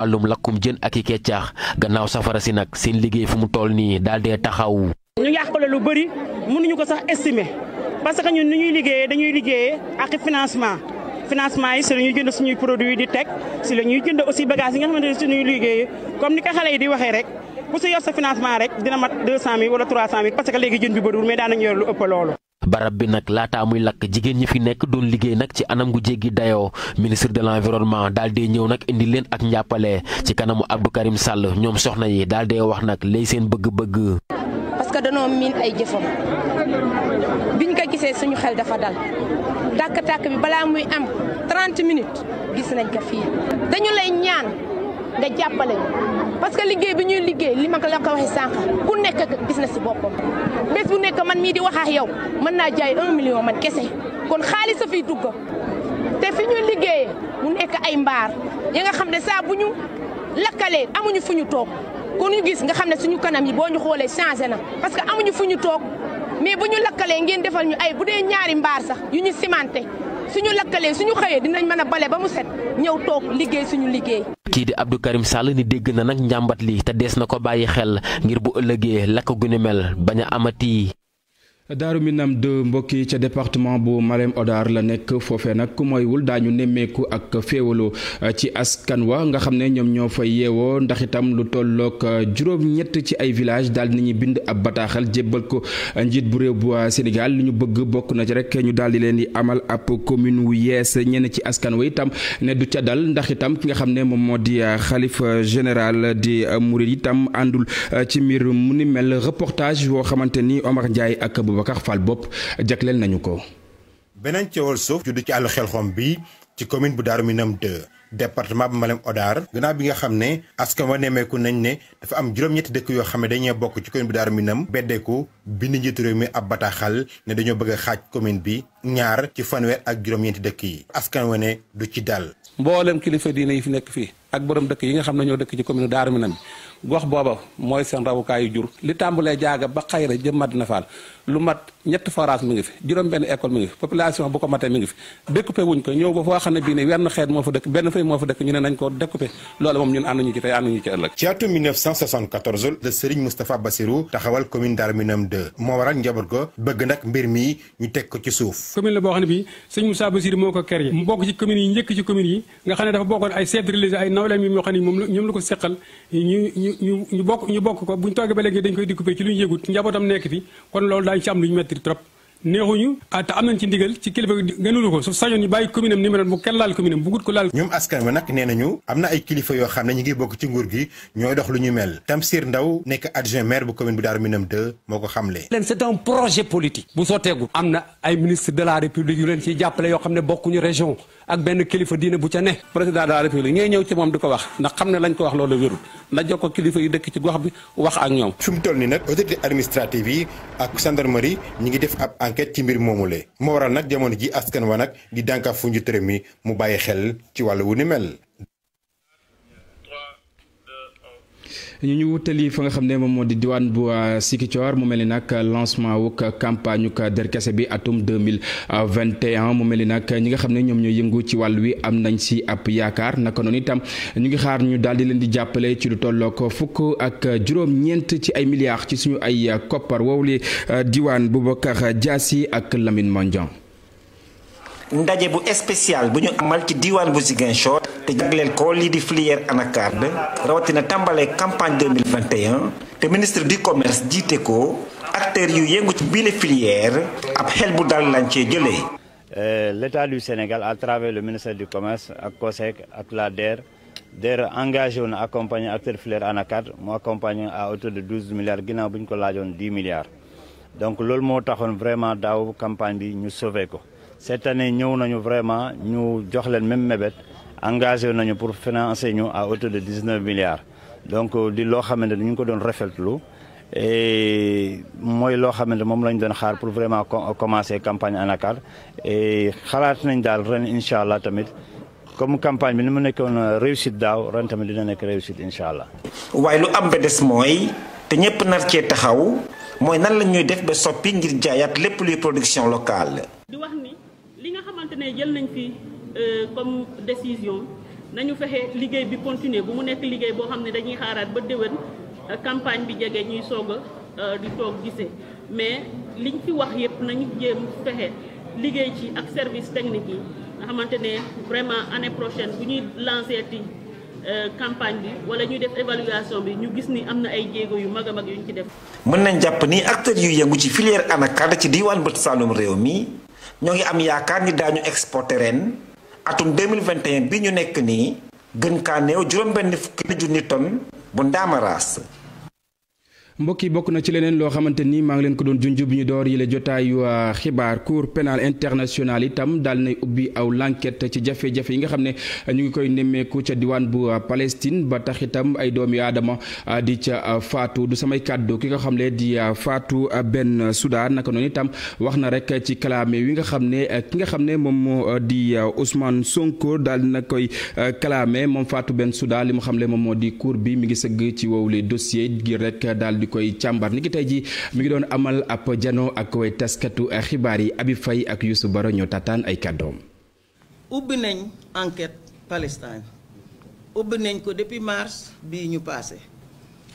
wàllum lakkum jën ak i keccaax gannaaw safara si nag seen liggéey fu mu tool nii daal dee taxaw. ñu yàq lu bëri mënuñu ko sax estimer parce que ñun ni ñuy liggéeyee dañuy liggéeyee ak financement financement yi si la ñuy jënd suñuy produit di teg si la jënd aussi bagage yi nga xamante ne suñuy liggéeyee comme ni ko xale yi di waxee rek ku si yor sa financement rek dina mat deux trois cent mille léegi jën bi bëriwul mais daan nañu yor lu ëpp loolu. barab bi nag laataa muy lakk jigéen ñi fi nekk doon liggéey nag ci anam gu jéggi dayoo ministre de l'environnement daal dee ñëw nag indi leen ak njàppale ci kanamu Abdou Karim Sall ñoom soxna yi daal dee wax nag lay seen bëgg-bëgg. parce que miin ay jëfam biñ ko gisee suñu xel dafa dal tàkk-tàkk bi balaa muy am 30 minutes gis nañ ko fii dañu lay ñaan nga jàppale ñu parce que liggéey bi ñuy liggéey li ma ko la ko waxee sànq ku nekk gis na si boppam bés bu nekk man mii di wax ak yow mën naa jaay un million man kese kon xaalis sa fiy dugg te fi ñuy liggéeyee mu nekk ay mbaar ya nga xam ne saa bu ñu lakkalee amuñu fu ñu toog kon ñu gis nga xam ne suñu kanam yi boo ñu xoolee changé na parce que amuñu fu ñu toog mais bu ñu lakkalee ngeen defal ñu ay bu dee ñaari mbaar sax yu ñu cimenté suñu lëkkalee suñu xëyee dinañ mën bale ba mu set ñëw toog liggéey suñu liggéey. kii di Abdou Karim Sall ni dégg na nag njàmbat li te des na ko bàyyi xel ngir bu ëllëgee lakk gu mel bañ a amati. daaru minam de mbokk yi ca département bu Marème Odar la nekk foofee nag ku mooywul daañu nemmeeku ak féewaloo eh, ci askan wa nga xam ne ñoom ñoo fa yeewoo ndax itam lu tollook eh, juróom-ñett ci ay village daal nañu bind ab bataaxal jébbal ko eh, njiit bu réew bu Sénégal lu ñu bëgg bokk na ci rek ñu daal di leen di amal ab commune wu yees ñenn ci askan wa itam ne du ca dal ndax itam ki nga xam ne moom moo di xalifa général di murid itam àndul ci mbir mu ni mel Ababacar Fall bopp jagleel nañu ko. beneen coowal suuf juddu ci àllu xelxom bi ci commune bu Darou Minam 2 département bu Malem Odar gannaaw bi nga xam ne askan wa nemmeeku nañ ne dafa am juróom-ñetti dëkk yoo xam ne dañee bokk ci commune bu Darou Minam beddeeku bind njiitu réew mi ab bataaxal ne dañoo bëgg xaaj commune bi ñaar ci fanweer ak juróom-ñeenti dëkk yi askan wa ne du ci dal mboolem kilifa diine yi fi nekk fii ak borom dëkk yi nga xam ne ñoo dëkk ci commune Daaru Minam gox booba mooy seen rawukaayu jur li tàmbalee jaaga ba xayra jëm Madina Fall lu mat ñetti forage mi ngi fi juróom-benn école mi ngi fi population bu ko matee mi ngi fi dëkk ci ëllëg la Serigne Moustapha Bassirou taxawal commune Daaru Minam moo waral njaboot ko bëgg nag mbir mi ñu teg ko ci suuf commune la boo xam ne bii Serigne Moustapha moo ko créé mu bokk ci commune yi njëkk ci commune nawleem yi moom ñoom la ko seqal ñu ñu bokk ñu bokk ko bu ñu toogee ba léegi dañ koy découpé ci lu ñu yëgut njabootam nekk fi kon loolu daañu ci am lu ñu metti trop neexuñu ah, te am nañ ci ndigal ci kilifa gënulu ko su sañoon ñu bàyyi commune am numéro bu kenn laal commune am ko laal ñoom askan wi nag nee nañu am na ay kilifa yoo xam ne ñu ngi bokk ci nguur gi ñooy dox lu ñu mel Tamsir Ndaw nekk adjoint maire bu commune bu Darou Minam 2 moo ko xamle leen c'est un projet politique bu sotteegu am na ay ministre de la république yu leen ciy jàppale yoo xam ne bokkuñu région ak benn kilifa diine bu ca ne président de la république moom di ko wax ndax xam ne lañ ko wax loolu wérul na jox ko gox bi wax ak ñoom fi mu toll ni nag autorité administrative ngi def enquête ci mbir moomule moo waral nag jamono ji askan wa nag di dànkaaf fu njiitu réew mi mu bàyyi xel ci wàllu wu ni mel ñu ñu wutali fa nga xam ne moom moo di diwaan bu Sikicoor euh, mu mel ni nag lancement wuk campagne uk derkase bi atum mu mel ñi nga xam ne ñoom ñoo yëngu ci wàll wi am nañ si ab yaakaar naka noonu itam ñu ngi xaar ñu daal di leen di jàppale ci lu tolloo ko fukk ak juróom-ñeent ci ay milliards ci suñu ay koppar wow li euh, diwaan Boubacar Diassi ak Lamine Mandian ndaje bu spécial bu ñu amal ci diwaan bu Ziguinchor te jagleel ko lii di filière anacarde rawatina tàmbalee campagne 2021 te ministre du commerce jiite ko acteurs yu yëngu ci biile filière ab xel bu daal lañ cee jëlee. Euh, L'État du Sénégal à travers le ministère du commerce ak COSEC ak la DER DER engagé wu na accompagner acteur filière anacarde mu accompagner à auto de douze milliards ginnaaw bu ko laajoon dix milliards. donc loolu moo taxoon vraiment daaw campagne bi ñu sauvé ko cette année ñëw nañu vraiment ñu jox leen même mébét. engagé nañu pour financer ñu à hauteur de dix-neuf milliards donc euh, di loo xamante ni ñu ko doon rafetlu et mooy loo xamante moom lañ doon xaar pour vraiment commencer campagne ANACAR et xalaat nañ daal ren incha allah tamit comme campagne bi ni mu nekkoon euh, réussite daaw ren tamit dina nekk réussit incha allah. waaye lu am ba des mooy te ñëpp nar cee taxaw mooy nan la ñuy def ba soppi ngir jaayaat lépp luy production locale. di wax ni li nga xamante ne Euh, comme décision nañu fexe liggéey bi continuer bu mu nekk liggéey boo xam ne dañuy xaaraat ba déwén euh, campagne bi jege ñuy soog euh, di toog gisee mais liñ fi wax yëpp nañu jéem fexe liggéey ci ak service technique yi nga xamante ne vraiment année prochaine bu ñuy lancer ti campagne bi wala ñu def évaluation bi ñu gis ni am na ay jéego yu mag a mag yuñ ci def. mën nañ jàpp ni acteur yu yëngu ci filière anacarde ci diiwaan bët Saalum réew mii ñoo ngi am yaakaar ni daañu exporter ren. atum 2021 bi ñu nekk nii gën kaa néew juróom-benn fukki junni tonne bu ndaamaraas mbokk yi bokk na ci leneen loo xamante ni maa ngi leen ko doon junj bi ñu door yi la jotaayu ah, xibaar cour pénal international itam daal nay ubbi aw l'enquête ci jafe-jafe yi nga xam ne ah, ñu ngi koy nemmeeku ca diwaan bu ah, Palestine ba tax itam ay doomi aadama di ca faatu samay kàddu ki nga xam ne di faatu benn Soudan naka noonu itam wax na rek ci kalaame wi nga xam ne ki nga xam ne moom moo di Ousmane Sonko daal na koy kalaame moom faatu benn Soudan li mu xam ne moom moo di cour bi mi ngi sëgg ci wow wowle dossier ngir rek daal di koy càmbar ni tey ji mu ngi doon amal ab jano ak way taskatu xibaar yi Abi fay ak Youssou Baro ñoo tataan ay kàddoom ubbi nañ enquête Palestine ubbi nañ ko depuis mars bii ñu passé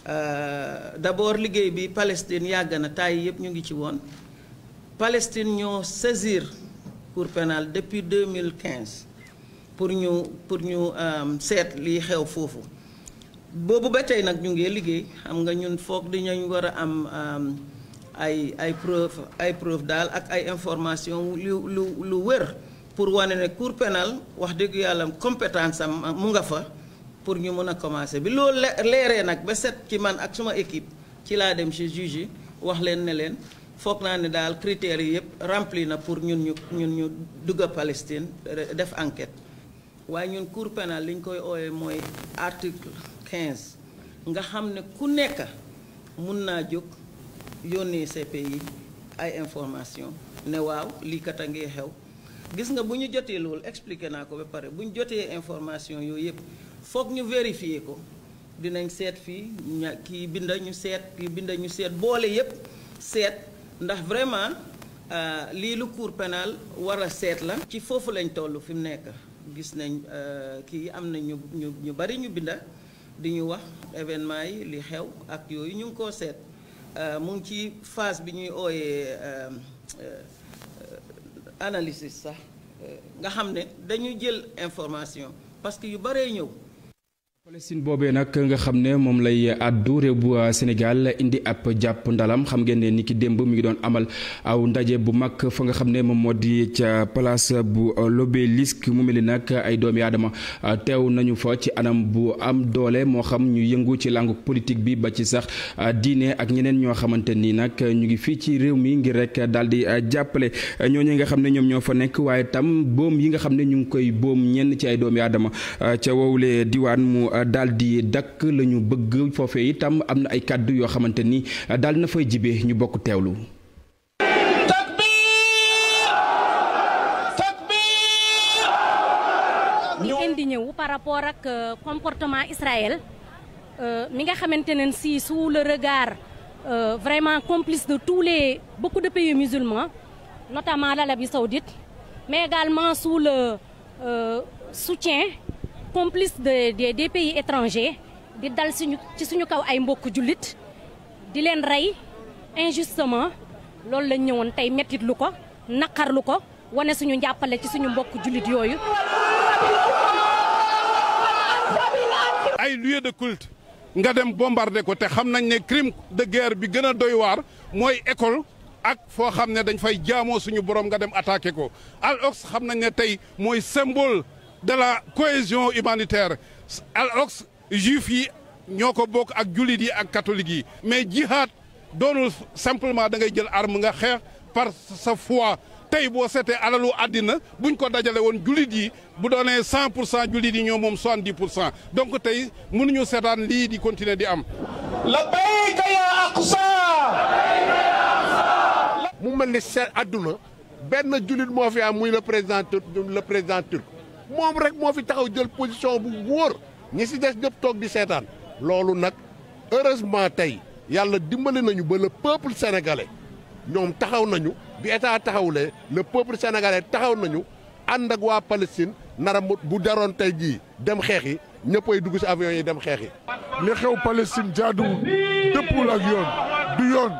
euh, d'abord liggéey bi Palestine yàgg na taay yëpp ñu ngi ci woon Palestine ñoo saisir pour pénale depuis 2015 pour ñu pour ñu euh, seet liy xew foofu boobu ba tey nag ñu ngi liggéey xam nga ñun foog dinañ war a am ay ay preuve ay preuve daal ak ay information lu lu lu wër pour wane ne cour pénal wax dëgg yàlla compétence am mu nga fa pour ñu mën a commencer bi loolu leeree nag ba set ci man ak suma équipe ci laa dem ci juge wax leen ne leen foog naa ne daal critères yi yëpp rempli na pour ñun ñu ñun ñu dugg Palestine def enquête waaye ñun cour pénal li ñu koy ooyee mooy article quinze nga xam ne ku nekk mun naa jóg yónnee yi ay information ne waaw lii kat a ngi xew gis nga bu ñu jotee loolu expliqué naa ko ba pare buñ jotee information yooyu yëpp foog ñu vérifier ko dinañ seet fii ña kii bind ñu seet kii bind ñu seet boole yëpp seet ndax vraiment euh, lii lu cour pénal war seet la ci foofu lañ toll fi mu nekk gis nañ euh, kii am na ñu ñu ñu bari ñu binda di ñu wax événement yi li xew ak yooyu ñu ngi koo seet euh, mu ngi ci phase bi ñuy ooyee euh, euh, analyses sax nga xam ne dañu jël information parce que yu baree ñëw Palestine boobee nag nga xam ne moom lay àddu réew bu euh, Sénégal indi ab jàpp ndalam xam ngeen ne ni ki démb mi ngi doon amal aw ndaje bu mag fa nga xam ne moom moo di ca place bu euh, l'Obélisque mu mel ni nag ay doomi aadama euh, teew nañu fa ci anam bu am doole moo xam ñu yëngu ci langue politique bi ba ci sax diine ak ñeneen ñoo xamante nii nag ñu ngi fii ci réew mi ngir rek daal di jàppale ñooñu nga xam ne ñoom ñoo fa nekk waaye tam boom yi nga xam ne ñu ngi koy boom ñenn ci ay doomi aadama daal di dakk la ñu bëgg foofee itam am na ay kàddu yoo xamante nii daal na fay jibee ñu bokk teewlu. li ngeen di ñëw par rapport ak euh, comportement Israël euh, mi nga xamante ne si sous le regard euh, vraiment complice de tous les beaucoup de pays musulmans notamment l'Arabie saoudite également sous le soutien complice de des des pays étrangers di dal suñu ci suñu kaw ay mbokk jullit di leen rey injustement loolu lañ ñëwoon tey mettit ko naqarlu ko wane suñu njàppale ci suñu mbokk jullit yooyu ay lieu de culte nga dem bombardé ko te xam nañ ne crime de guerre bi gën a waar mooy école ak foo xam ne dañ fay jaamoo suñu borom nga dem attaqué ko al xam nañ ne tey mooy symbole de la cohésion humanitaire alors juif yi ñoo ko bokk ak jullit yi ak catholique yi mais jihad doonul simplement da ngay jël arme nga xeex par sa fois tey boo seetee alalu àddina buñ ko dajale woon jullit yi bu doonee cent pour cent jullit yi ñoo moom soixante-dix pour cent donc tey mënuñu seetaan lii di continuer di am labbayka ya aqsa mu mel ni seet àdduna benn jullit moo fi am muy le président le président moom rek moo fi taxaw jël position bu wóor ñi si des ñëpp toog di seetaan loolu nag heureusement tey yàlla dimbali nañu ba le peuple sénégalais ñoom taxaw nañu bi état taxawule le peuple sénégalais taxaw nañu ànd ak waa Palestine nara bu daroon tey jii dem xeex yi ñëppay dugg si avion yi dem xeex yi. li xew Palestine jaaduwul dëppul ak yoon du yoon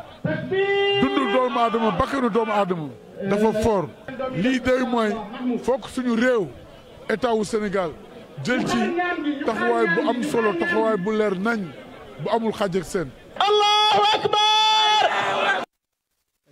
dundu doomu aadama bakkanu doomu aadama dafa fort lii day mooy fokk suñu réew. état wu Sénégal jël ci taxawaay bu am solo taxawaay bu leer nañ bu amul xàjj ak seen. allahu akbar.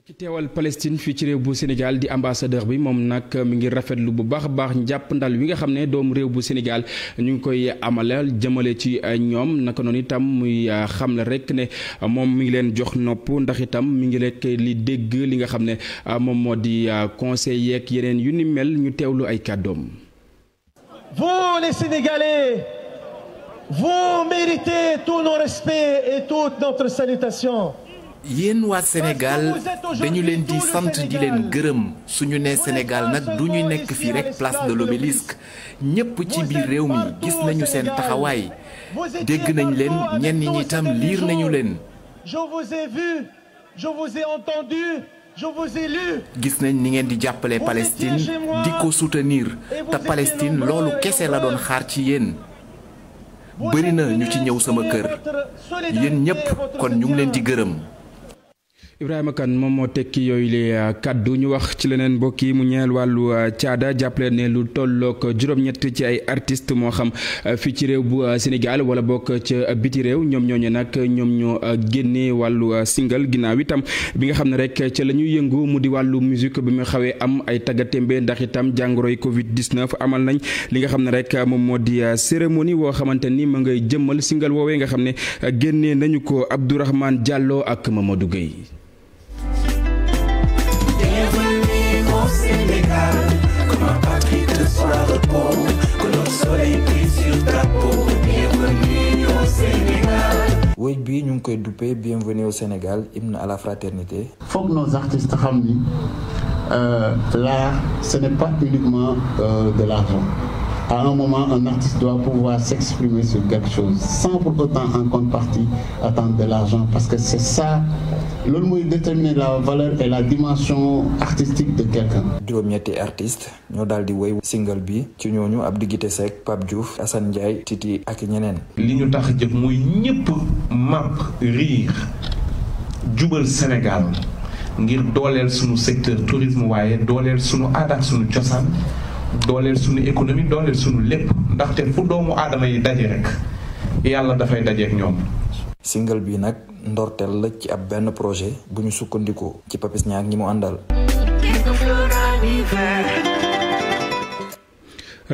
ki teewal Palestine fii ci réew bu Sénégal di ambassadeur bi moom nag mi ngi rafetlu bu baax a baax njàpp ndal wi nga xam ne doomu réew bu Sénégal ñu ngi koy amalal jëmale ci ñoom naka noonu itam muy ah, xam la rek ne ah, moom mi ngi leen jox nopp ndax itam mi ngi rek li dégg li nga xam ne ah, moom moo di conseil yeeg yeneen yu ni mel ñu teewlu ay kàddoom. Vous, les Sénégalais, vous méritez tous nos respects et toute notre salutation. yéen waa Sénégal dañu leen di sant di leen gërëm su ñu nee Sénégal nag du ñu nekk fii rekk place de l'obélisque ñépp ci biir réew mi gis nañu seen taxawaay dégg nañ leen ñenn ñi itam liir nañu leen. Je vous ai vu, je vous ai entendu. gis nañ ni ngeen di jàppale Palestine di ko soutenir te Palestine loolu kese la doon xaar ci yéen bëri na ñu ci ñëw sama kër yéen ñépp kon ñu ngi leen di gërëm Ibrahima Kane moom moo tekki yooyu le uh, kàddu ñu wax ci leneen mbokk yi mu ñeel wàllu uh, caada jàppale ne lu tollook juróom-ñett ci ay artiste moo xam uh, fii ci réew bu Sénégal wala bokk ca biti réew ñoom ñooñu nag ñoom ñoo génnee wàllu singal ginnaaw itam bi nga xam ne rek ca la ñuy yëngu mu di wàllu musique bi mu xawee am ay taggatémbe ndax itam jàngoroy Covid 19 amal nañ li nga xam ne rek moom moo di cérémonie woo xamante ni ma ngay jëmmal single woowee nga xam ne génnee nañu ko Abdourahmane Diallo ak Mamadou Gueye forevermore Que le soleil brise sur ta peau au Sénégal woy bii ñu ngi koy duppee bienvenue au Sénégal hymne à la fraternité foog nos artistes xam ni euh, l'art ce n'est pas uniquement euh, de l'argent à un moment, un artiste doit pouvoir s'exprimer sur quelque chose sans pour autant en contrepartie attendre de l'argent parce que c'est ça loolu mooy déterminer la valeur et la dimension artistique de quelqu'un. juróom-ñetti artiste ñoo daal di woy single bi ci ñooñu ab Guité Seck Pape Diouf Assane Ndiaye Titi ak ñeneen. li ñu tax jëf muy ñëpp màpp riir jubal Sénégal ngir dooleel sunu secteur tourisme waaye dooleel sunu aada ak cosaan. dooleel sunu économie dooleel sunu lépp ndaxte fu doomu aadama yi daje rek yàlla dafay dajeek ñoom. single bi nag ndoorteel la ci ab benn projet bu ñu sukkandiku ci Papis Niang ñi mu àndal.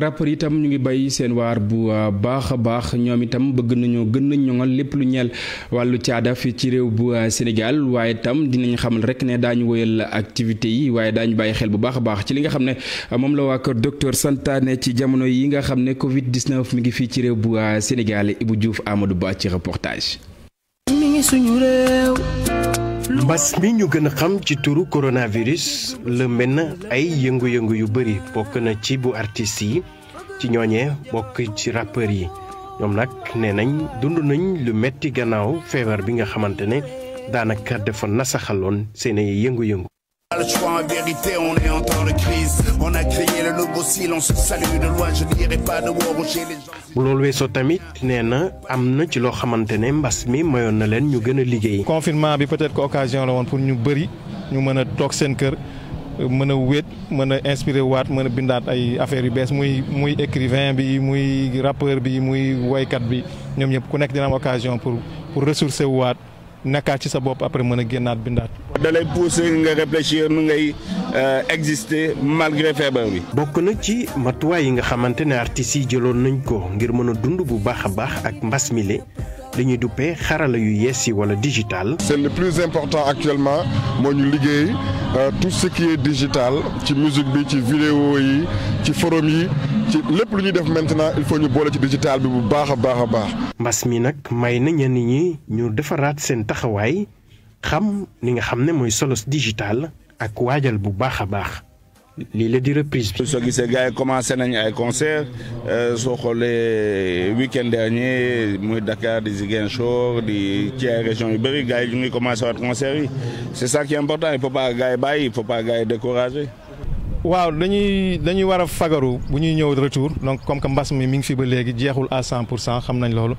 rapport itam ñu ngi bàyyi seen waar bu uh, baax a baax ñoom itam bëgg nañoo gën a ñoŋal lépp lu ñeel wàllu caada fi ci réew bu uh, Sénégal waaye itam dinañu xamal rek ne daañu woyal activité yi waaye daañu bàyyi xel bu baax a baax ci li nga xam ne uh, moom la waa kër docteur santaane ci jamono yi nga xam ne Covid 19 mi ngi fii ci réew bu Sénégal Ibou Diouf Amadou Ba ci reportage. mi suñu réew. mbas mi ñu gën a xam ci turu coronavirus la mel ay yëngu-yëngu yu bëri bokk na ci bu artistes yi ci ñooñee bokk ci rappeurs yi ñoom nag nee nañ dund nañ lu metti gannaaw feebar bi nga xamante ne daanaka dafa nasaxaloon seen yëngu-yëngu le choix en vérité, on est bu loolu weesoo tamit nee na am na ci loo xamante ne mbas mi mayoon na leen ñu gën a liggéey. confinement bi peut-être que occasion la woon pour ñu bëri ñu mën a toog seen kër. mën a wéet mën a inspiré waat mën a bindaat ay affaires yu bees muy muy écrivain bi muy rappeur bi muy woykat bi ñoom yëpp ku nekk dina am occasion pour pour ressourcer waat nekkaat ci sa bopp après mën a génnaat bindaat. da lay pousser nga réfléchir nu ngay euh, exister malgré feebar bi. bokk na ci matuwaay yi nga xamante ne artistes yi jëloon nañ ko ngir mën a dund bu baax a baax ak mbas mi li ñuy duppee xarala yu yees yi wala digital. seen le plus important actuellement moo ñu liggéey euh, tout ce qui ci musique bi ci vidéo yi ci forum yi ci lépp lu ñuy def maintenant il faut ñu boole ci digital bi bu baax a baax a baax. mbas mi nag may na ñenn ñi ñu defaraat seen taxawaay xam ni nga xam ne mooy solos digital ak waajal bu baax a baax. lii la di reprise bi. soo gisee gars yi commencé nañ ay concert euh, soo xoolee week-end dernier muy Dakar di Ziguinchor di ci ay régions yu bëri gars yi ñu ngi commencé waat concert yi c'est ça qui est important il faut pas gars yi bàyyi il faut pas gars décourager. waaw dañuy dañuy war a fagaru bu ñuy ñëw retour donc comme que mbas mi mi ngi fi ba léegi jeexul à 100 pour cent xam nañ loolu.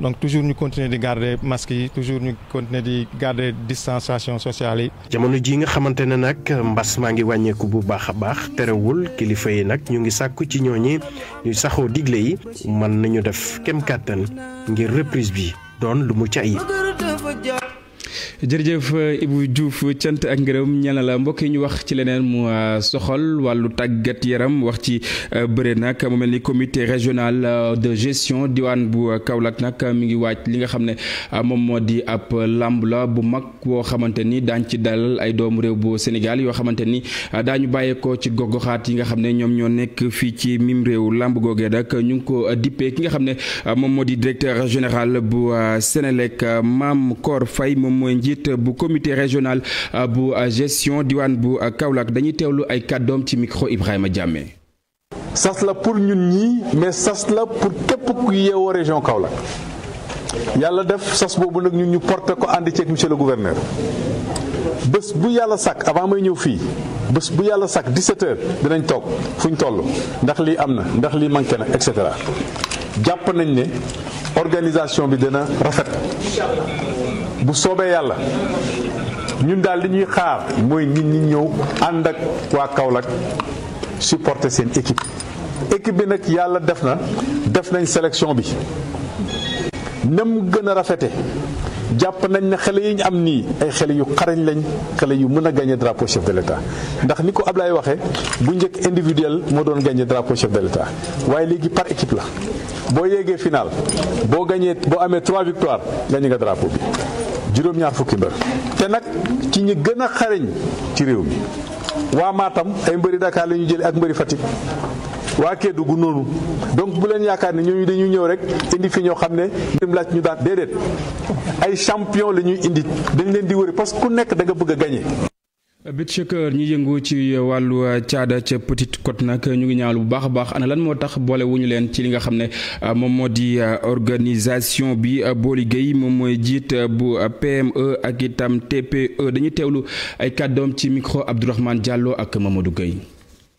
donc toujours ñu continuer di garder masques yi toujours ñu continuer di garder distanciation sociale yi. jamono ji nga xamante ne nag mbas maa ngi wàññeeku bu baax a baax terewul kilifa yi nag ñu ngi sàkku ci ñooñi ñu saxoo digle yi mën nañu def kem kàttan ngir reprise bi doon lu mu ca jërëjëf euh, Ibou Diouf cant ak ngërëm ñeel na la mbokk yi ñu wax ci leneen mu euh, soxal wàllu tàggat yaram wax ci euh, bëre nag mu mel ni comité régional de gestion diwaan bu Kaolack nag mi ngi wàcc li nga xam ne moom moo di ab làmb la bu mag boo xamante ni daañ ci dalal ay doomu réew bu Sénégal yoo xamante ni daañu bàyyeekoo ci gox-goxaat yi nga xam ne ñoom ñoo nekk fii ci mim réew làmb googee nag ñu ngi ko dippee ki nga xam ne moom moo di directeur général bu Sénélec Mame Kor njiit bu comité régional euh, bu euh, gestion diwaan bu euh, Kaolack dañuy teewlu ay kàddoom ci micro Ibrahima Diamé. sas la pour ñun ñi mais sas la pour képp ku yeewoo région Kaolack yàlla def sas boobu nag ñun ñu porte ko ànd ceeg monsieur le gouverneur bés bu yàlla sàkk avant may ñëw fii bés bu yàlla sàkk 17 heures dinañ toog fu ñu toll ndax li am na ndax li manqué na et cetera jàpp nañ ne organisation bi dina rafet bu soobee yàlla ñun daal li ñuy xaar mooy nit ñi ñëw ànd ak waa Kaolack supporter seen équipe. équipe bi nag yàlla def na def nañ sélection bi nem gën a rafete jàpp nañ ne xale yi ñu am nii ay xale yu xarañ lañ xale yu mën a gagné drapeau chef de l' ndax ni ko Ablaye waxee bu njëkk individuel moo doon gagné drapeau chef de l' waaye léegi par équipe la boo yéegee finaal boo gañee boo amee trois victoire gagné nga drapeau bi. juróom-ñaar fukki mbër te nag ci ñi gën a xariñ ci réew mi waa maatam ay mbëri Dakar la ñu jële ak mbëri Fatick waa gu noonu donc bu leen yaakaar ne ñooñu dañuy ñëw rek indi fi ñoo xam ne mbirum laaj ñu daan déedéet ay champion la ñuy indi dañ leen di wëri parce que ku nekk da nga bëgg a bit shaker ñi yëngu ci wàllu euh, caada ca Petite Côte nag ñu ngi ñaawlu bu baax a baax ana lan moo tax boole wu ñu leen ci li nga xam ne euh, moom moo di euh, organisation bi booli géey moom mooy jiit bu PME ak itam TPE dañuy teewlu ay kàddoom ci micro Abdourahmane jàlloo ak Mamadou Gueye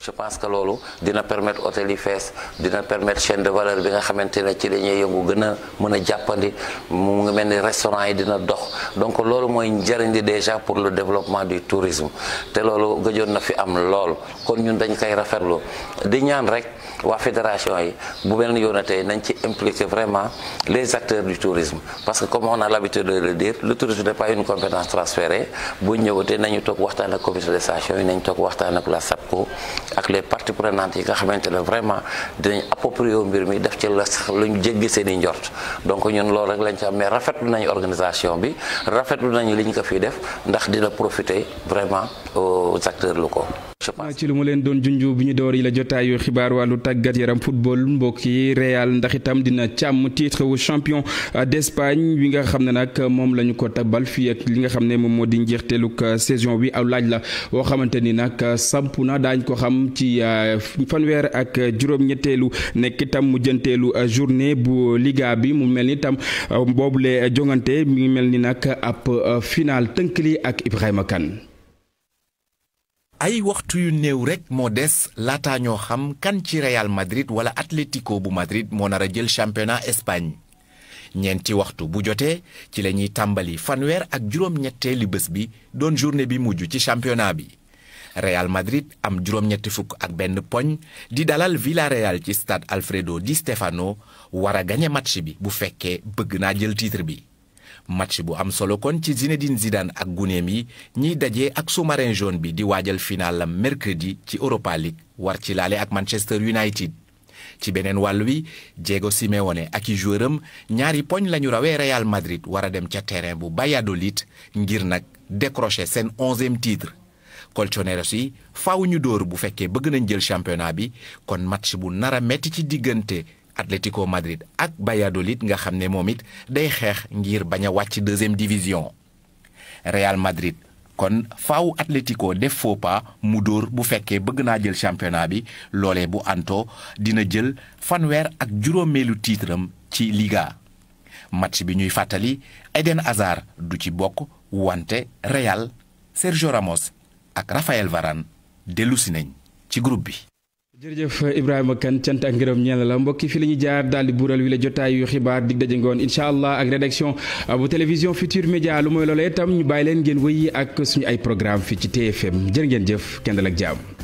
je pense que loolu dina permettre hôtel yi fees dina permettre chaîne de valeur bi nga xamante ne ci dañuy yëngu gën a mën a jàppandi mu ngi mel ni restaurant yi dina dox donc loolu mooy njariñ li déjà pour le développement du tourisme te loolu gëjoon na fi am lool kon ñun dañ koy rafetlu di ñaan rek waa fédération yi bu mel ni yoon tey nañ ci impliquer vraiment les acteurs du tourisme parce que comme on a l'habitude de le dire le tourisme n'est pas une compétence nañu toog waxtaan ak comité de yi nañ toog waxtaan ak la SAPCO ak les parti prenantes yi nga xamante ne vraiment dinañ approprier mbir mi def ci la sax lu ñu jéggi seen i njort donc ñun loolu rek lañ ci am mais rafetlu nañu organisation bi rafetlu nañu li ñu ko fiy def ndax dina profiter vraiment sacteur lu ko je ci lu mu leen doon junj bi ñu door yi la jotaayu xibaar wàllu tàggat yaram football mbokk yi Real ndax itam dina càmm titre champion euh, d'Espagne bi nga xam ne nag moom la ñu ko tabal fii li nga xam ne moom moo di njeexteelug euh, saison bi aw laaj la boo xamante ni nag euh, samp na daañ ko xam ci fanweer ak juróom-ñetteelu nekk itam mu jënteelu journée bu Liga bi mu mel ni itam boobule jongante mi ngi mel ni nag ab final tënk li ak Ibrahima Kane. ay waxtu yu néew rek moo des laata ñoo xam kan ci Real Madrid wala Atlético bu Madrid moo nar a jël championnat Espagne ñeenti waxtu bu jotee ci la ñuy tàmbali fanweer ak juróom-ñetteeli bés bi doon journée bi mujj ci championnat bi Real Madrid am juróom-ñetti fukk ak benn poñ di dalal Villarreal ci stade Alfredo Di Stefano war a gañe match bi bu fekkee bëgg naa jël titre bi. match bu am solo kon ci Zinedine sidan ak gunéem yi ñiy daje ak sous-marin jaune bi di waajal final la mercredi ci Europa League war ci laale ak Manchester United. ci beneen wàll wi Diego Simeone ak i joueur ñaari poñ lañu rawee Real Madrid war a dem ca terrain bu Valladolid ngir nag décrocher seen onzième titre. Colchoneros yi faaw ñu dóor bu fekkee bëgg nañ jël championnat bi kon match bu nara metti ci diggante. Atlético Madrid ak Valladolid nga xam ne moom it day xeex ngir bañ a wàcc deuxième division Real Madrid kon faaw Atlético def faux mu dóor bu fekkee bëgg naa jël championnat bi loole bu anto dina jël fanweer ak juróomeelu titre ci Liga match bi ñuy fàttali Eden Hazard du ci bokk wante Real Sergio Ramos ak Raphaël Varane dellusi nañ ci groupe bi. jërëjëf Ibrahima Kane cant ak ngërëm ñeel la mbokki fi la ñu jaar daal di buural wi la jotaay yu xibaar dig daje ngoon incha allah ak rédaction ah, bu télévision Futur Média lu mooy loola tam ñu bàyyi leen ngeen wëyi ak suñu ay programme fii ci TFM jërë ngeen jëf kenn kendal ak jaam